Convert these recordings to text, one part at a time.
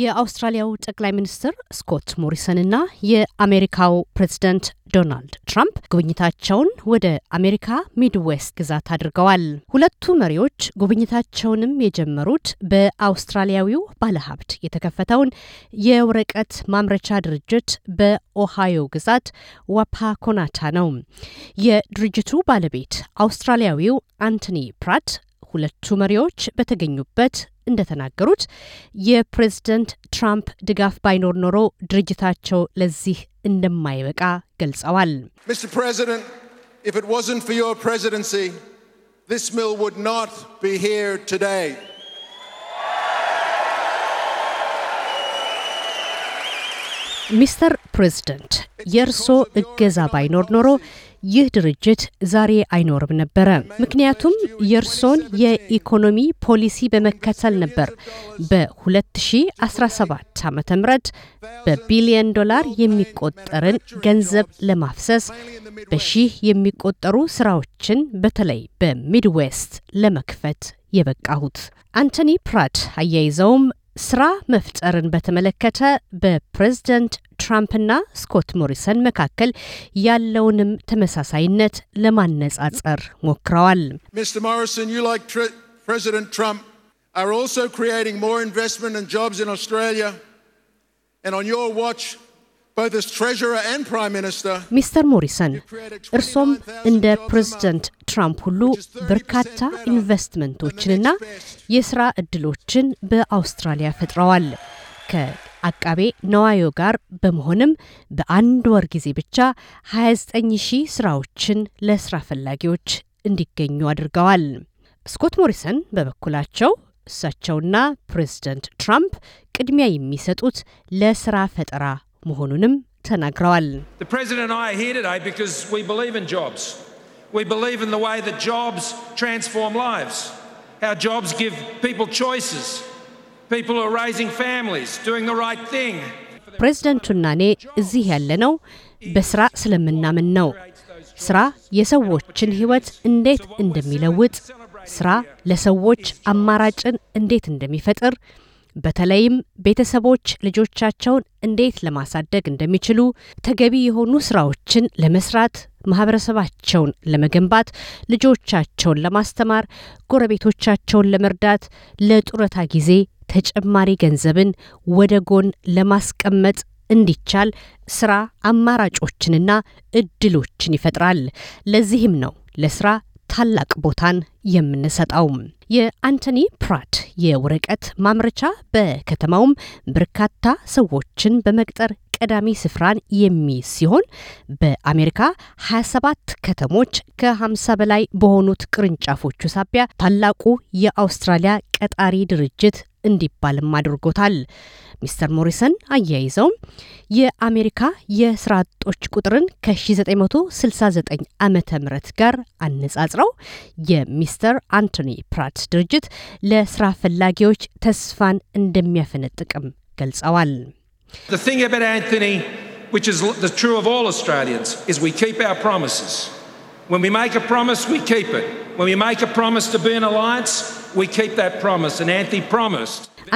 የአውስትራሊያው ጠቅላይ ሚኒስትር ስኮት ሞሪሰንና የአሜሪካው ፕሬዚደንት ዶናልድ ትራምፕ ጉብኝታቸውን ወደ አሜሪካ ሚድዌስት ግዛት አድርገዋል። ሁለቱ መሪዎች ጉብኝታቸውንም የጀመሩት በአውስትራሊያዊው ባለሀብት የተከፈተውን የወረቀት ማምረቻ ድርጅት በኦሃዮ ግዛት ዋፓኮናታ ነው። የድርጅቱ ባለቤት አውስትራሊያዊው አንቶኒ ፕራት ሁለቱ መሪዎች በተገኙበት እንደተናገሩት የፕሬዝደንት ትራምፕ ድጋፍ ባይኖር ኖሮ ድርጅታቸው ለዚህ እንደማይበቃ ገልጸዋል። ሚስተር ፕሬዝደንት የእርሶ እገዛ ባይኖር ኖሮ ይህ ድርጅት ዛሬ አይኖርም ነበረ። ምክንያቱም የእርሶን የኢኮኖሚ ፖሊሲ በመከተል ነበር በ2017 ዓ ም በቢሊየን ዶላር የሚቆጠርን ገንዘብ ለማፍሰስ በሺህ የሚቆጠሩ ስራዎችን በተለይ በሚድዌስት ለመክፈት የበቃሁት። አንቶኒ ፕራት አያይዘውም ስራ መፍጠርን በተመለከተ በፕሬዝደንት ትራምፕና ስኮት ሞሪሰን መካከል ያለውንም ተመሳሳይነት ለማነጻጸር ሞክረዋል። ሚስተር ሚስተር ሞሪሰን እርሶም እንደ ፕሬዝደንት ትራምፕ ሁሉ በርካታ ኢንቨስትመንቶችንና የሥራ ዕድሎችን በአውስትራሊያ ፈጥረዋል። ከአቃቤ ነዋዮ ጋር በመሆንም በአንድ ወር ጊዜ ብቻ 29 ሺህ ሥራዎችን ለሥራ ፈላጊዎች እንዲገኙ አድርገዋል። ስኮት ሞሪሰን በበኩላቸው እሳቸውና ፕሬዝደንት ትራምፕ ቅድሚያ የሚሰጡት ለሥራ ፈጠራ መሆኑንም ተናግረዋል። ፕሬዝደንቱና እኔ እዚህ ያለነው በስራ ስለምናምን ነው። ስራ የሰዎችን ህይወት እንዴት እንደሚለውጥ፣ ስራ ለሰዎች አማራጭን እንዴት እንደሚፈጥር በተለይም ቤተሰቦች ልጆቻቸውን እንዴት ለማሳደግ እንደሚችሉ ተገቢ የሆኑ ስራዎችን ለመስራት ማህበረሰባቸውን ለመገንባት፣ ልጆቻቸውን ለማስተማር፣ ጎረቤቶቻቸውን ለመርዳት፣ ለጡረታ ጊዜ ተጨማሪ ገንዘብን ወደ ጎን ለማስቀመጥ እንዲቻል ስራ አማራጮችንና እድሎችን ይፈጥራል። ለዚህም ነው ለስራ ታላቅ ቦታን የምንሰጠው። የአንቶኒ ፕራት የወረቀት ማምረቻ በከተማውም በርካታ ሰዎችን በመቅጠር ቀዳሚ ስፍራን የሚይዝ ሲሆን በአሜሪካ 27 ከተሞች ከ50 በላይ በሆኑት ቅርንጫፎቹ ሳቢያ ታላቁ የአውስትራሊያ ቀጣሪ ድርጅት እንዲባልም አድርጎታል። ሚስተር ሞሪሰን አያይዘውም የአሜሪካ የስራ ጦች ቁጥርን ከ1969 ዓመተ ምህረት ጋር አነጻጽረው የሚስተር አንቶኒ ፕራት ድርጅት ለስራ ፈላጊዎች ተስፋን እንደሚያፈነጥቅም ገልጸዋል። When we make a promise, we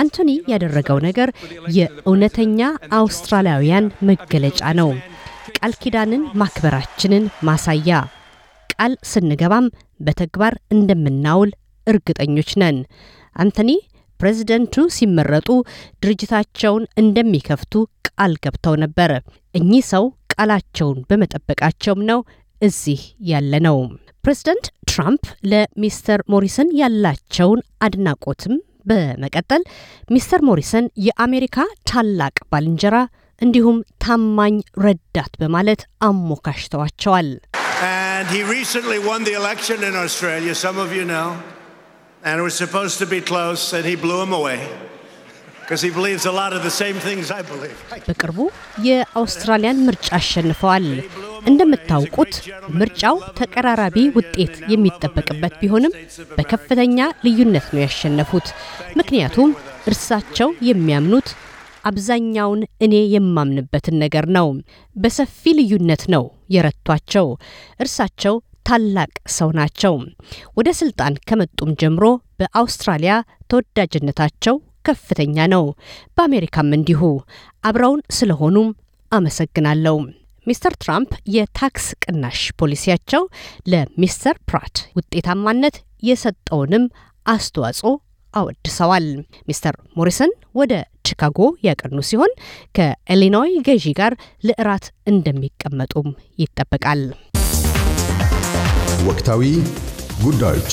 አንቶኒ ያደረገው ነገር የእውነተኛ አውስትራሊያውያን መገለጫ ነው። ቃል ኪዳንን ማክበራችንን ማሳያ፣ ቃል ስንገባም በተግባር እንደምናውል እርግጠኞች ነን። አንቶኒ ፕሬዝደንቱ ሲመረጡ ድርጅታቸውን እንደሚከፍቱ ቃል ገብተው ነበር። እኚህ ሰው ቃላቸውን በመጠበቃቸውም ነው እዚህ ያለ ነው። ፕሬዚደንት ትራምፕ ለሚስተር ሞሪሰን ያላቸውን አድናቆትም በመቀጠል ሚስተር ሞሪሰን የአሜሪካ ታላቅ ባልንጀራ እንዲሁም ታማኝ ረዳት በማለት አሞካሽተዋቸዋል። በቅርቡ የአውስትራሊያን ምርጫ አሸንፈዋል። እንደምታውቁት ምርጫው ተቀራራቢ ውጤት የሚጠበቅበት ቢሆንም በከፍተኛ ልዩነት ነው ያሸነፉት። ምክንያቱም እርሳቸው የሚያምኑት አብዛኛውን እኔ የማምንበትን ነገር ነው። በሰፊ ልዩነት ነው የረቷቸው። እርሳቸው ታላቅ ሰው ናቸው። ወደ ስልጣን ከመጡም ጀምሮ በአውስትራሊያ ተወዳጅነታቸው ከፍተኛ ነው። በአሜሪካም እንዲሁ። አብረውን ስለሆኑም አመሰግናለሁ። ሚስተር ትራምፕ የታክስ ቅናሽ ፖሊሲያቸው ለሚስተር ፕራት ውጤታማነት የሰጠውንም አስተዋጽኦ አወድሰዋል። ሚስተር ሞሪሰን ወደ ቺካጎ ያቀኑ ሲሆን ከኢሊኖይ ገዢ ጋር ለእራት እንደሚቀመጡም ይጠበቃል። ወቅታዊ ጉዳዮች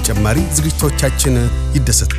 ተጨማሪ ዝግጅቶቻችን ይደሰቱ።